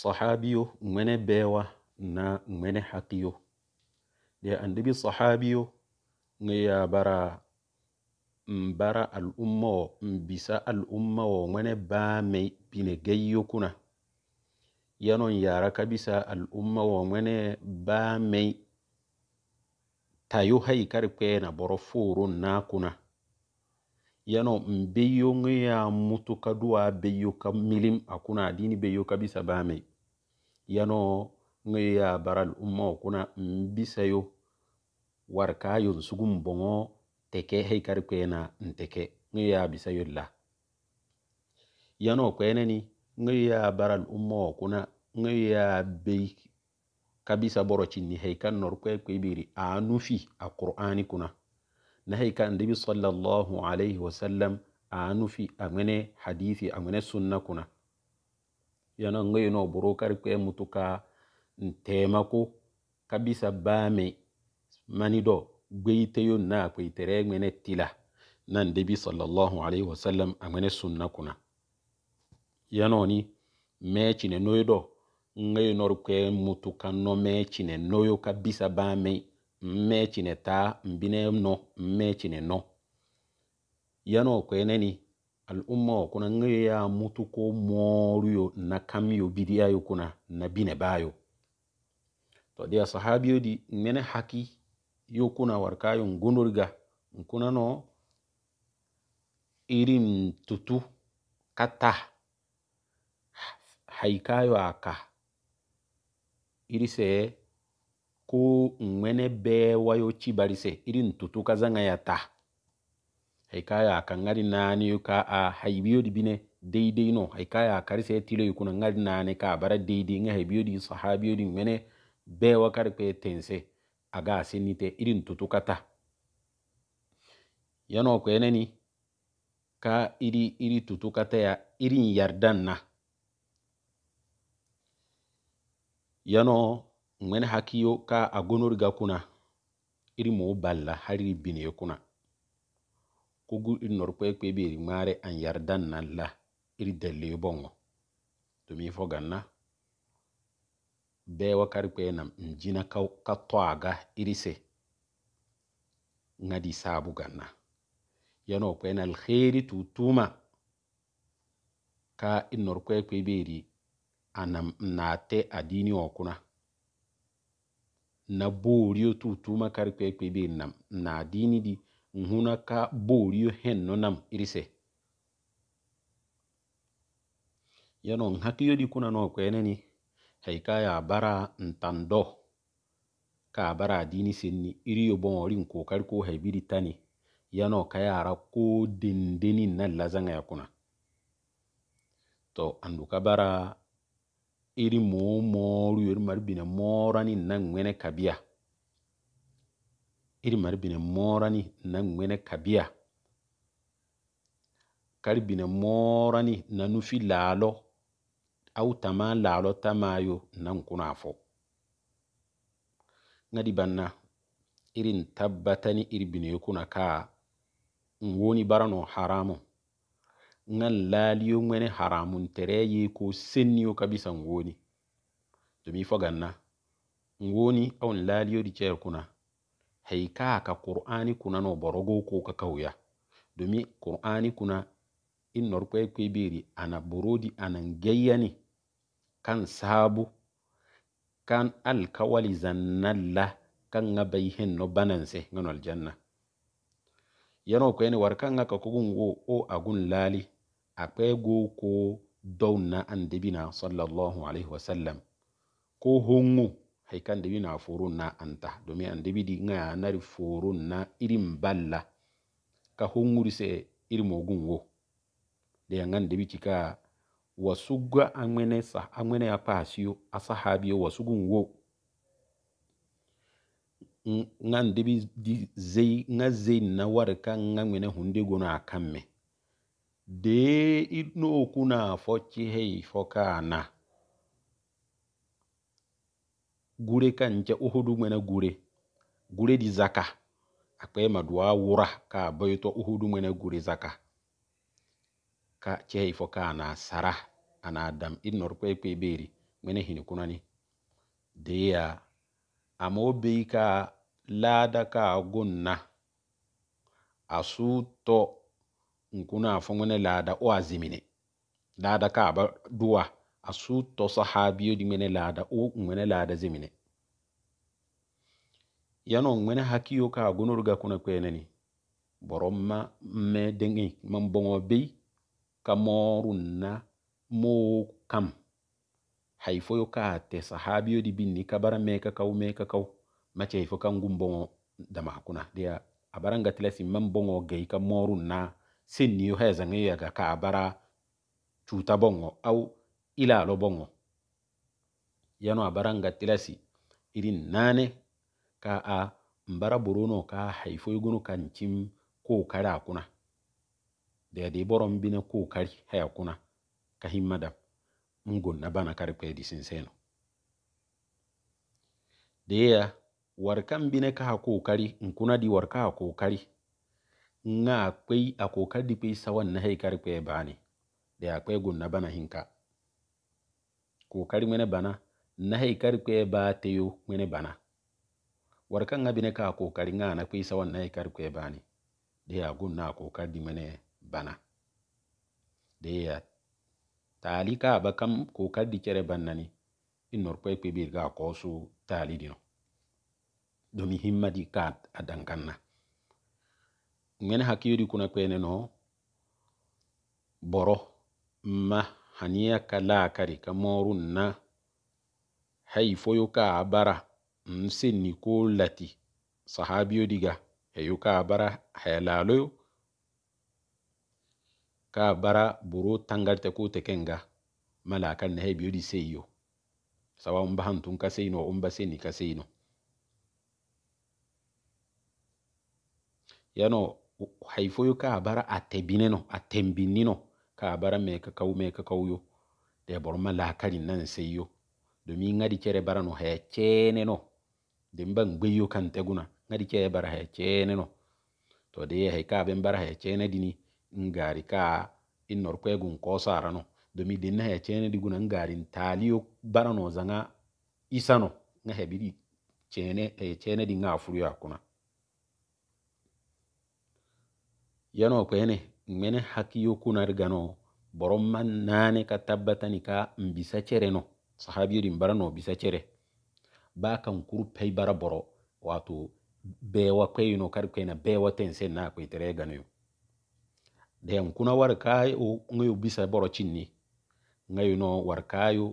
sahabiyo ŋmene bewa na ŋmene hakiyo de andibi sahabiyo ŋa ya bara mbara al'umma wo bisa al'umma wo ŋmene baame pine geyyo kuna yanon yara kabisa al'umma wo ŋmene mai tayo hai kar na boro furun na kuna yano ya mutu kaduwa beyo ka milim akuna adini beyo kabisa bame yano ya baral umma mbisa yo warka yo sugu mbongo teke heikar kwena nteke ŋeya bisayo la yano kweneni ya baral umma okuna ya bei kabisa boro chini hei nor kwe biri anufi a kuna nahay ka annabi sallallahu alaihi wasallam nufi a amene hadithi amene sunna kuna yana ngai no buru karkwe mutuka ntemako kabisa bame manido gbeiteyo na tare mene tila na annabi sallallahu alaihi wasallam amene sunna kuna yanoni mechine noyo do ngai nor kwe mutuka no mechine noyo kabisa bame mme chine ta mbine no mme chine no yano ko eneni al'umma wa na ngayo ya mutu ko moruyo na kamyo bidiya yo kuna na bine bayo to dia sahabiyo di mene haki yo kuna warkayo ngunurga na no irin tutu kata haikayo aka irise ko ŋmɛnɛ bɛɛ wayo cibarisɛ irin tutu ka zaŋa ya ta haika ya ka ŋari naani ka a haibiyodi bine daidai no haika ya karisɛ tilo yi kuna ŋari naani ka a bara daidai ŋa haibiyodi di ŋmɛnɛ bɛɛ wa kari kpɛ tensɛ aga a senitɛ irin tutu ka ta yanɔ ni ka iri iri tutu ka ta ya iri yardan na yanɔ ŋmɛn hakiyo ka a ga kuna iri mo balla hari iri bine kuna kogu iri nor kpekpe iri ŋmaare an yardan na la iri delle bongo mi fo ganna wa kar kpenam nam njina ka twaga iri se ngadi saabu ganna yano na alheri tutuma ka iri nor kpekpe iri anam nate adini o na borio tutuma karkpekpe be nam na dini di nhuna ka borio henno nam irise yano nhakiyo di kuna no kweneni haikaya bara ntando ka bara dini sinni iriyo bon ori nko karko haibiri tani yano kayara ko dindini na lazanga ya kuna to anduka bara iri mo moru yori mari bine ni na ŋmene kabia iri mari bine ni na ŋmene kabia kari bine morani na nufi laalo au tama laalo tamayo na nkuna fo ŋadi banna irin tabbatani iri bine yokuna ka n woni barano haramu nga laaliyo ŋmene haramun tere ye ko senniyo kabisa n woni domi fo ganna n woni awon kuna hay ka qur'ani kuna no borogo ko ka kawya domi qur'ani kuna in nor kwe biri ana borodi anan gayyani kan sabu kan alkawali zannalla kan ŋa no bananse ngano aljanna yano kwene kan o agun laali akwai go ko na an dibina sallallahu alaihi wasallam ko hongo haikan dibina forun na anta domin an dibidi nga nari forun na irin balla ka honguri se irin mogun wo da an dibiti ka wasu ga amene sa amene ya pasiyo asahabi wasu gun wo ngan dibi zai nga zai na warka nga mene hunde kan akamme dee n'okwu na-afọ chihe ifọ kana gure nche uhudu mwena gure gure di zaka akpa madua wura ka boyto uhudu mwena gure zaka ka chihe ifo kana sara ana adam inor kwe kwe beri mwena hini kunani deya amobe ka lada ka gonna asu to nkuna wani laada o azimine laada ka ba duwa a su tɔ sahabiyo di ŋmene laada o wani laada zimine yano ŋmene hakiyo ka ga kuna kweneni borom ma me deŋi man bongo bei ka moru na mo kam haifoyo ka te sahabiyo di binni ka bara me kaw me kaw mace haifo kan gumboŋo dama kuna dia abaranga tilasi man bongo gei ka morun na sin niyo haya zange yaga ka bara cuta bongo au ilalo bongo yano abaranga tilasi irin nane ka a mbara borono ka haifo igunu kan cim kuna da yadda boron bine kokari haya kuna ka himmada ngun na bana karpe di sinseno da ya warkan bine ka ha kokari in kuna di warka kokari nga a akokar di pei sawan na kwaye ba ne bani de kwaye gunna bana hinka kokar mene bana na haikar kwaye ba ta yi mene bana warkan nga bine ka kokari nga na kwaye sawan na hei kar kwe bani de a gunna akokar di mene bana de ya tali ba kam kokar di kere bannani inor kwaye kwaye bir ga kosu tali dino domi himma di ka na. ngene hakiyodi kuna kwene no boro ma haniya ka laakari ka moru na hayi foyo ka bara nsenni ko lati sahabiyo diga yo ka bara haya laaloyo ka bara boro tangarte ko tekenga malakal na di biyodi seyo sawa umba hantun ka seyno umba ni ka seyno yano haifoyo ka bara a tembini no ka bara ka kau ka kau yo de ma la kari nan sai yo domin ngadi kere bara no he chene no de mban gbeyo kan teguna ngadi kere bara he chene no to de he ka ben bara he chene dini ngari ka innor kwegun ko sara no domin din na he chene guna ngari taliyo bara no zanga isano nga hebiri chene e chene di nga afuru kuna yano kwene mene hakiyo kunar gano boro man nane ka tabbatani ka mbisa cere no sahabi din bara no bisa cere ba kan kuru pay bara boro wato bewa kwey no kar kwena bewa tense na kwey tere gano yo den kuna war kayo ngayo bisa boro chinni ngayo no war kayo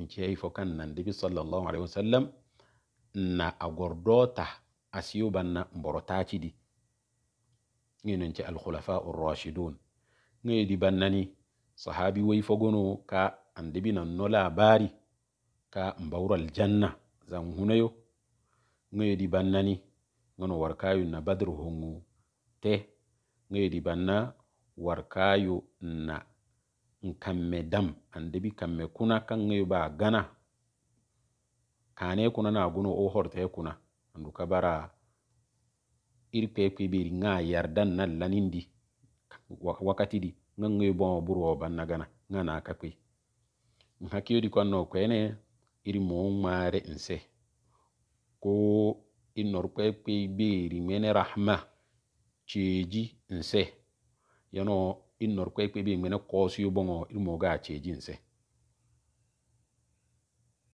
nce ay fo kan nan dibi sallallahu alaihi wasallam na agordota asiyo banna mboro tacidi al-khulafa alkhulafa rashidun ŋeye di bannani sahabi wai fogono ka nan nanno labari ka mbawral janna zan hunayo ŋeye di bannani ngono warkayo na badru hongu te ŋeye di banna warkayo na nkamme dam andebi kamme kuna kan ŋeyo ba gana kane kuna na guno o horte kuna andu kabara iri pepeɓeri ga yardan na lanindi wakkati di ga ŋoyo bowo buro banna gana ga na kakwe n hakkiyodi kanno kwene iri mon ŋmare nse ko i nor kpekpeɓeri mene rahma ceji nse yano i nor kpekpeɓeri mene kosiyo boŋo iri moga ceji nse